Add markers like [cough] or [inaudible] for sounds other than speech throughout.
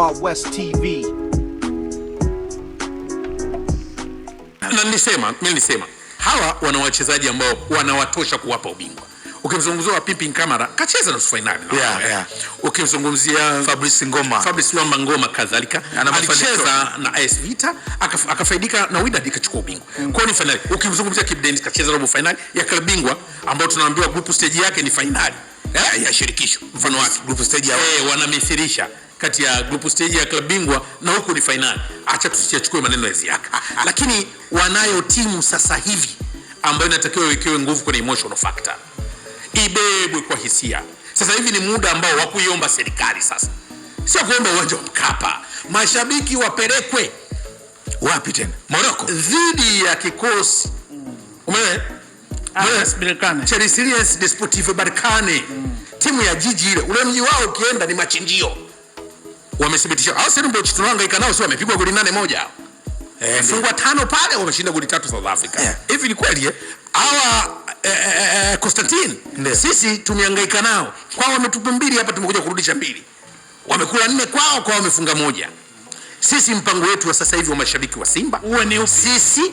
Wild West TV. Na nilisema, nilisema hawa wana wachezaji ambao wanawatosha kuwapa ubingwa. Ukimzungumzia wa Pimpin Kamara kacheza nusu finali. Yeah, yeah. Ukimzungumzia Fabrice Ngoma, Fabrice Lomba Ngoma kadhalika alicheza na AS Vita akafaidika aka na Wydad ikachukua ubingwa. Mm. Kwa ni finali. Ukimzungumzia Kip Dennis kacheza robo finali ya klabu bingwa ambao tunaambiwa group stage yake ni finali. Yeah, ya shirikisho mfano wake group stage ya hey, eh, wanamithilisha kati ya group stage ya klabu bingwa na huku ni fainali. Acha tusichukue maneno ya ziaka, [laughs] lakini wanayo timu sasa hivi ambayo inatakiwa iwekewe nguvu kwenye emotional factor, ibebwe kwa hisia. Sasa hivi ni muda ambao wa kuiomba serikali sasa, sio kuomba uwanja wa Mkapa, mashabiki wapelekwe wapi tena? Morocco dhidi ya kikosi umeona ah, Barkane, mm. timu ya jiji ile, ule mji wao ukienda ni machinjio wamethibitisha. Arsenal ndio tunahangaika nao, sio? Wamepigwa goli nane moja eh, fungwa tano pale, wameshinda goli tatu South Africa hivi. Ni kweli eh? hawa eh, eh, eh, Constantine, sisi tumehangaika nao, kwao wametupa mbili, hapa tumekuja kurudisha mbili. Wamekula nne kwao, kwao wamefunga moja. Sisi mpango wetu wa sasa hivi wa mashabiki wa Simba uwe ni sisi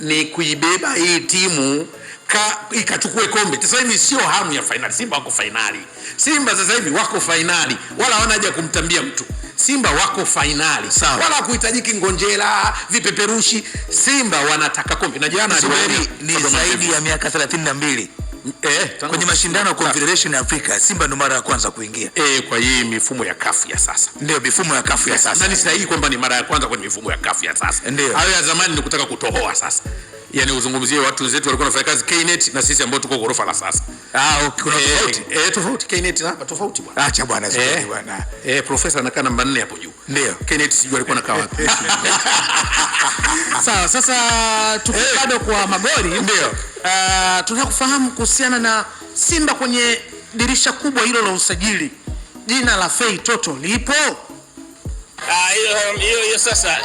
ni kuibeba hii timu ka, ikachukue kombe. Sasa hivi sio hamu ya fainali. Simba wako fainali, Simba sasa hivi wako fainali, wala hawana haja kumtambia mtu. Simba wako fainali, wala kuhitajiki ngonjera vipeperushi. Simba wanataka kombe, na jana ni zaidi ya miaka 32 Eh, kwenye mashindano ya Confederation Africa Simba ndo mara ya kwanza kuingia. Eh, kwa hii mifumo ya kafu ya sasa. Ndio mifumo ya kafu ya sasa. Na ni sahihi kwamba ni mara ya kwanza kwenye mifumo ya kafu ya sasa. Ndio. Hayo ya zamani ni kutaka kutohoa sasa yani uzungumzie watu wenzetu walikuwa wanafanya kazi KNET na sisi ambao tuko ghorofa la sasa. Ah, okay. Kuna eh, tofauti. Eh, eh, tofauti KNET na hapa tofauti bwana. Acha bwana zuri eh, bwana. Eh, profesa anakaa namba 4 hapo juu. Ndio. KNET sijui alikuwa anakaa wapi. [laughs] Sawa, sasa tuko bado kwa magoli. Ndio. Uh, tunataka kufahamu kuhusiana na Simba kwenye dirisha kubwa hilo la usajili. Jina la Fei Toto lipo? Ah, hiyo sasa,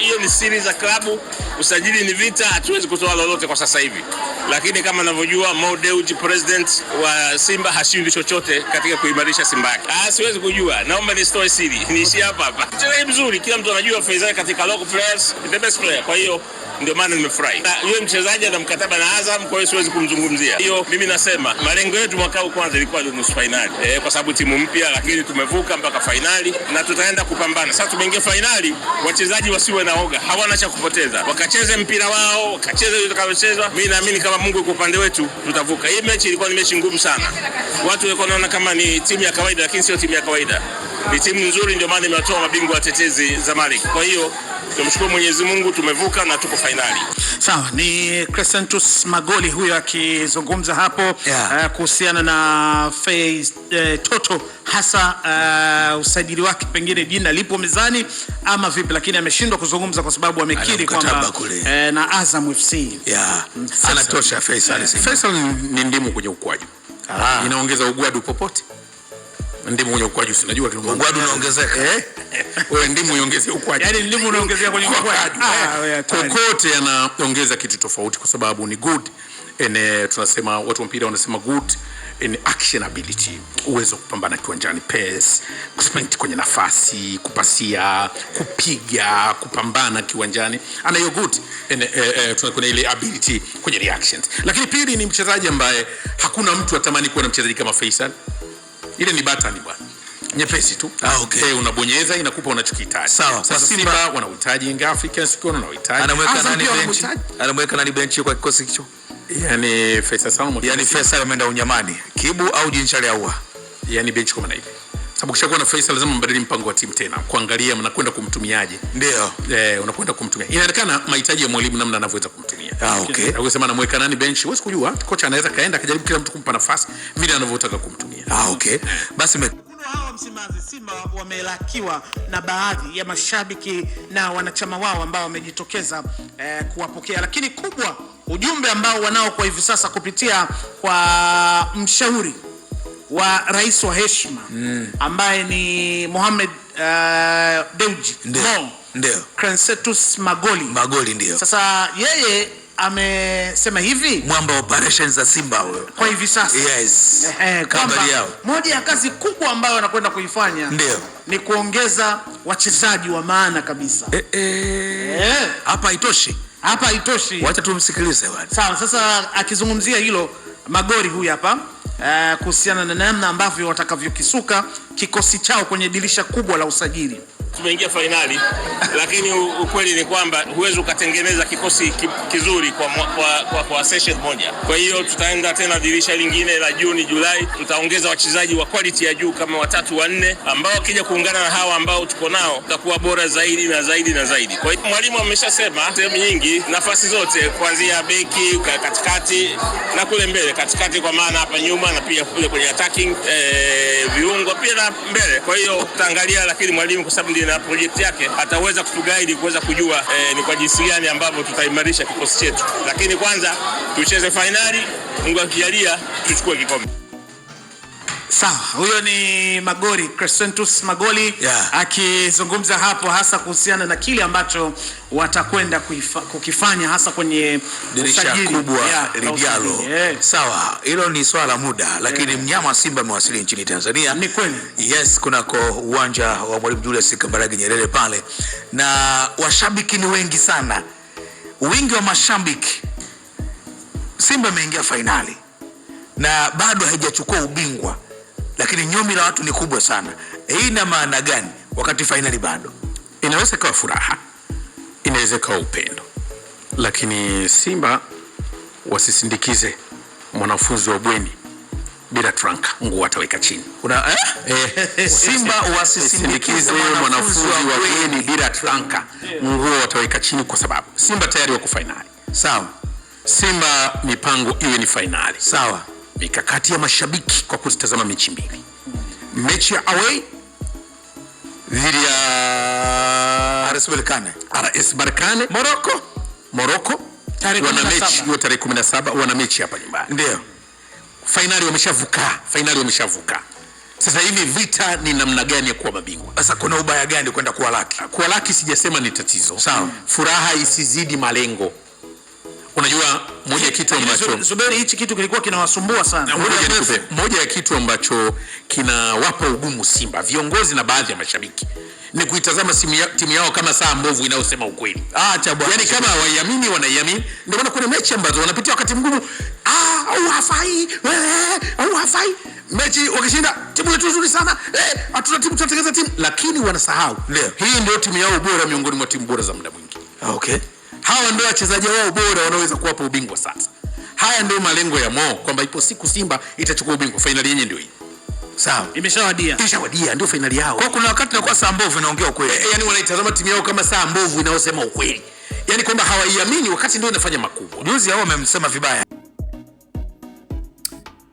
hiyo ni siri za klabu. Usajili ni vita, hatuwezi kutoa lolote kwa sasa hivi, lakini kama navyojua Mo president wa Simba, hashindi chochote katika kuimarisha Simba yake. Ah, siwezi kujua, naomba nisitoe siri, [laughs] niishie hapa hapa. Mchezaji mzuri, kila mtu anajua Faisal katika local players the best player, kwa hiyo ndio maana nimefurahi. Yule mchezaji ana mkataba na Azam, kwa hiyo siwezi kumzungumzia. Hiyo mimi nasema malengo yetu mwaka huu kwanza ilikuwa nusu finali, eh, kwa sababu timu mpya, lakini tumevuka mpaka finali na tutaenda wanaenda kupambana. Sasa tumeingia fainali, wachezaji wasiwe na oga, hawana cha kupoteza, wakacheze mpira wao, wakacheze utakaochezwa. Mimi naamini kama Mungu yuko upande wetu tutavuka. Hii mechi ilikuwa ni mechi ngumu sana, watu walikuwa wanaona kama ni timu ya kawaida, lakini sio timu ya kawaida, ni timu nzuri, ndio maana imewatoa mabingwa watetezi Zamalek. Kwa hiyo Tumshukuru Mwenyezi Mungu tumevuka na tuko fainali. Sawa, ni Crescentus Magoli huyo akizungumza hapo yeah. Uh, kuhusiana na phase, uh, eh, Toto hasa uh, usajili wake pengine jina lipo mezani ama vipi, lakini ameshindwa kuzungumza kwa sababu amekiri kwamba uh, na Azam FC yeah. Mm, Anatosha Faisal. Faisal ni ndimu kwenye ukwaju Ah. Inaongeza ugwadu popote ndimu kwenye ukwaju, si najua kitu ukwaju unaongezeka eh, [laughs] wewe ndimu iongezee ukwaju, yani ndimu unaongezea kwenye ukwaju ah, eh, kokote, yanaongeza kitu tofauti, kwa sababu ni good and uh, eh, tunasema watu wa mpira wanasema good in action ability, uwezo wa kupambana kiwanjani, pace, kusprint kwenye nafasi, kupasia, kupiga, kupambana kiwanjani, ana hiyo good in uh, uh, kuna ile ability kwenye reactions, lakini pili ni mchezaji ambaye hakuna mtu atamani kuwa na mchezaji kama Faisal ile ni batani bwana, nyepesi tu. Ah, okay. hey, eh, unabonyeza inakupa unachokihitaji. Sawa. Sasa Simba wanahitaji Young Africans kwa wanahitaji. Anamweka ah, nani benchi? Anamweka nani benchi kwa kikosi hicho? Yani Faisal Salum. Yani Faisal ameenda unyamani. Kibu au Jinchale au? Yani benchi kama na hivi. Sababu kisha kuwa na Faisal lazima mbadili mpango wa timu tena. Kuangalia mnakwenda kumtumiaje. Ndio. Eh, unakwenda kumtumia. Inaonekana mahitaji ya mwalimu namna anavyoweza kumtumia. Ah, okay. Au sema anamweka nani benchi, wewe sikujua Kocha anaweza kaenda akajaribu kila mtu kumpa nafasi vile anavyotaka kumtumia. Ah, okay. Basi me... Msimbazi Simba wamelakiwa na baadhi ya mashabiki na wanachama wao ambao wamejitokeza eh, kuwapokea, lakini kubwa ujumbe ambao wanao kwa hivi sasa kupitia kwa mshauri wa rais wa heshima mm, ambaye ni Mohamed uh, eh, Deuji Ndio. Crensetus Magoli. Magoli ndio. Sasa yeye amesema hivi mwamba operations za Simba huyo kwa hivi sasa. Yes. Eh, eh kwamba moja ya kazi kubwa ambayo wanakwenda kuifanya ndio ni kuongeza wachezaji wa maana kabisa. Eh, eh. eh. Hapa Itoshi Hapa itoshi, Wacha tumsikilize bwana. Sawa, sasa akizungumzia hilo Magori huyu hapa eh, kuhusiana na namna ambavyo watakavyokisuka kikosi chao kwenye dirisha kubwa la usajili. Tumeingia fainali lakini ukweli ni kwamba huwezi ukatengeneza kikosi kizuri kwa, kwa, kwa, kwa session moja. Kwa hiyo tutaenda tena dirisha lingine la Juni, Julai, tutaongeza wachezaji wa quality ya juu kama watatu wanne, ambao wakija kuungana na hawa ambao tuko nao tutakuwa bora zaidi na zaidi na zaidi. Kwa hiyo mwalimu ameshasema sehemu nyingi, nafasi zote kuanzia beki katikati na kule mbele, katikati kwa maana hapa nyuma na pia kuja kwenye attacking eh, viungo pia na mbele. Kwa hiyo tutaangalia, lakini mwalimu kwa sababu ndiye na project yake ataweza kutuguide kuweza kujua eh, ni kwa jinsi gani ambavyo tutaimarisha kikosi chetu, lakini kwanza tucheze fainali, Mungu akijalia tuchukue kikombe. Sawa, huyo ni Magoli, Crescentus Magoli yeah, akizungumza hapo hasa kuhusiana na kile ambacho watakwenda kukifanya hasa kwenye dirisha kubwa lijalo. Yeah. Sawa, hilo ni swala muda, lakini yeah, mnyama wa Simba amewasili nchini Tanzania. Ni kweli. Yes, kunako uwanja wa Mwalimu Julius Kambarage Nyerere pale, na washabiki ni wengi sana, wingi wa mashabiki. Simba ameingia fainali na bado haijachukua ubingwa lakini nyomi la watu ni kubwa sana. E, hii ina maana gani? Wakati fainali bado inaweza ikawa furaha, inaweza ikawa upendo, lakini Simba wasisindikize mwanafunzi wa bweni bila trunk nguo ataweka chini. Una, eh? eh. Simba [laughs] wasisindikize mwanafunzi wa bweni bila trunk nguo ataweka chini, kwa sababu Simba tayari wako fainali. Sawa, Simba mipango iwe ni fainali. Sawa mikakati ya mashabiki kwa kuzitazama mechi mbili, mechi ya away dhidi ya RS Berkane, RS Berkane Morocco, Morocco tarehe wana mechi hiyo tarehe 17, wana mechi hapa nyumbani, ndio fainali wameshavuka, fainali wameshavuka. Sasa hivi vita ni namna gani ya kuwa mabingwa? Sasa kuna ubaya gani kwenda kuwa laki? Kuwa laki sijasema ni tatizo. Sawa. Furaha isizidi malengo. Unajua moja kitu ambacho subiri, hichi kitu kilikuwa kinawasumbua sana. Moja ya kitu ambacho kinawapa ugumu Simba viongozi na baadhi ya mashabiki ni kuitazama ya, timu yao kama saa mbovu inayosema ukweli. Acha bwana. yani kama waiamini wanaiamini. Ndio maana kuna mechi ambazo wanapitia wakati mgumu. Ah, au hafai. Au hafai. Mechi wakishinda timu yetu nzuri sana. Eh, hatuna timu tunatengeneza timu lakini wanasahau. Leo. Hii ndio timu yao bora miongoni mwa timu bora za muda mwingi. Okay hawa ndio wachezaji wao bora wanaoweza kuwapa ubingwa sasa. Haya ndio malengo ya Mo kwamba ipo siku Simba itachukua ubingwa, fainali yenyewe ndio hii. Sawa, imeshawadia, imeshawadia, ndio fainali yao. Kwa kuna wakati nakuwa saa mbovu, inaongea ukweli e, yani wanaitazama timu yao kama saa mbovu inaosema ukweli, yani kwamba hawaiamini wakati ndio inafanya makubwa. Juzi hao wamemsema vibaya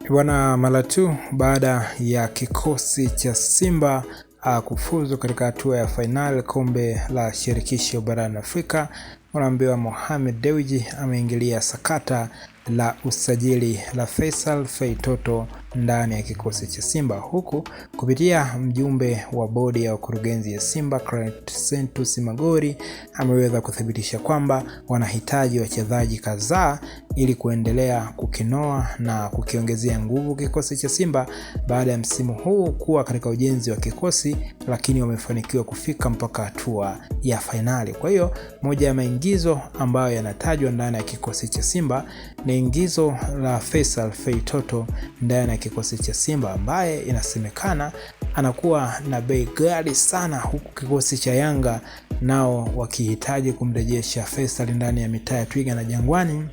bwana Malatu baada ya kikosi cha Simba ah, kufuzu katika hatua ya fainali kombe la shirikisho barani Afrika unaambiwa Mohamed Dewji ameingilia sakata la usajili la Faisal Feitoto ndani ya kikosi cha Simba, huku kupitia mjumbe wa bodi ya wakurugenzi ya Simba Clatsentus Magori ameweza kuthibitisha kwamba wanahitaji wachezaji kadhaa ili kuendelea kukinoa na kukiongezea nguvu kikosi cha Simba baada ya msimu huu kuwa katika ujenzi wa kikosi, lakini wamefanikiwa kufika mpaka hatua ya fainali. Kwa hiyo moja ya maingizo ambayo yanatajwa ndani ya kikosi cha Simba ni ingizo la Faisal Feitoto ndani ya kikosi cha Simba ambaye inasemekana anakuwa na bei ghali sana, huku kikosi cha Yanga nao wakihitaji kumrejesha Faisal ndani ya mitaa ya Twiga na Jangwani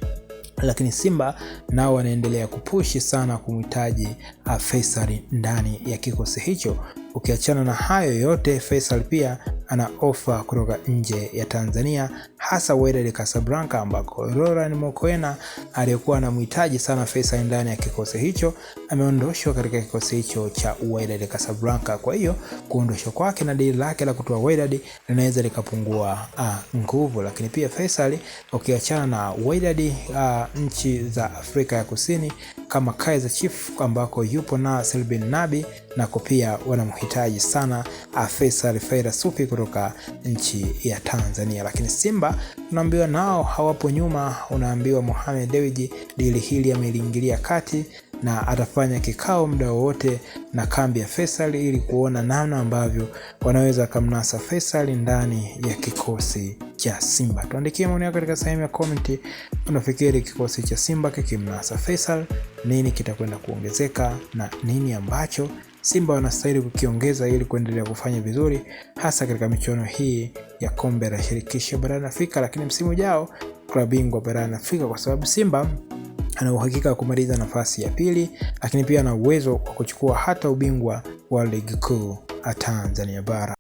lakini Simba nao wanaendelea kupushi sana kumhitaji ah, Faisal ndani ya kikosi hicho. Ukiachana na hayo yote, Faisal pia ana ofa kutoka nje ya Tanzania, hasa Wydad Casablanca ambako Roland Mokoena aliyekuwa anamhitaji sana Faisal ndani ya kikosi hicho, ameondoshwa katika kikosi hicho cha Wydad Casablanca. Kwa hiyo kuondoshwa kwake na dili lake la kutoa Wydad linaweza likapungua ah, nguvu, lakini pia Faisal, ukiachana na Wydad, ah, nchi za Afrika ya Kusini kama Kaizer Chiefs ambako yupo na Selbin Nabi nako pia wanamhitaji sana ah, Faisal Faira Sufi kutoka nchi ya Tanzania. Lakini Simba unaambiwa nao hawapo nyuma, unaambiwa Mohamed Dewji dili hili ameliingilia kati na atafanya kikao muda wowote na kambi ya Faisal ili kuona namna ambavyo wanaweza kumnasa Faisal ndani ya kikosi cha Simba. Tuandikie maoni yako katika sehemu ya comment, Unafikiri kikosi cha Simba kikimnasa Faisal, nini kitakwenda kuongezeka na nini ambacho Simba wanastahili kukiongeza ili kuendelea kufanya vizuri hasa katika michuano hii ya kombe la shirikisho barani Afrika, lakini msimu ujao klabu bingwa barani Afrika, kwa sababu Simba ana uhakika wa kumaliza nafasi ya pili, lakini pia ana uwezo wa kuchukua hata ubingwa wa ligi kuu ya Tanzania bara.